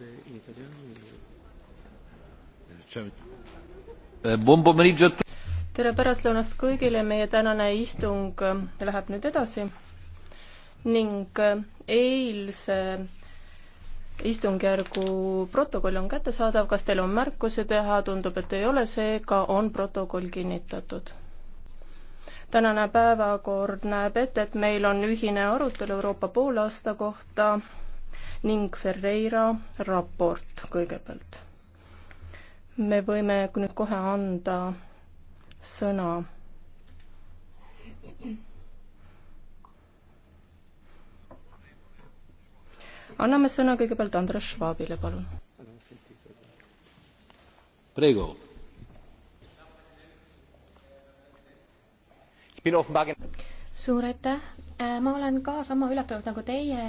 in eh, italiano. tere pärastlõunast kõigile, meie tänane istung läheb nüüd edasi ning eilse istungjärgu protokoll on kättesaadav, kas teil on märkusi teha, tundub, et ei ole, seega on protokoll kinnitatud tänane päevakord näeb ette, et meil on ühine arutelu Euroopa poolaasta kohta ning Ferreira raport kõigepealt. me võime nüüd kohe anda sõna anname sõna kõigepealt Andres Schwabile, palun. Prego. suur aitäh, äh, ma olen ka sama üllatunud nagu teie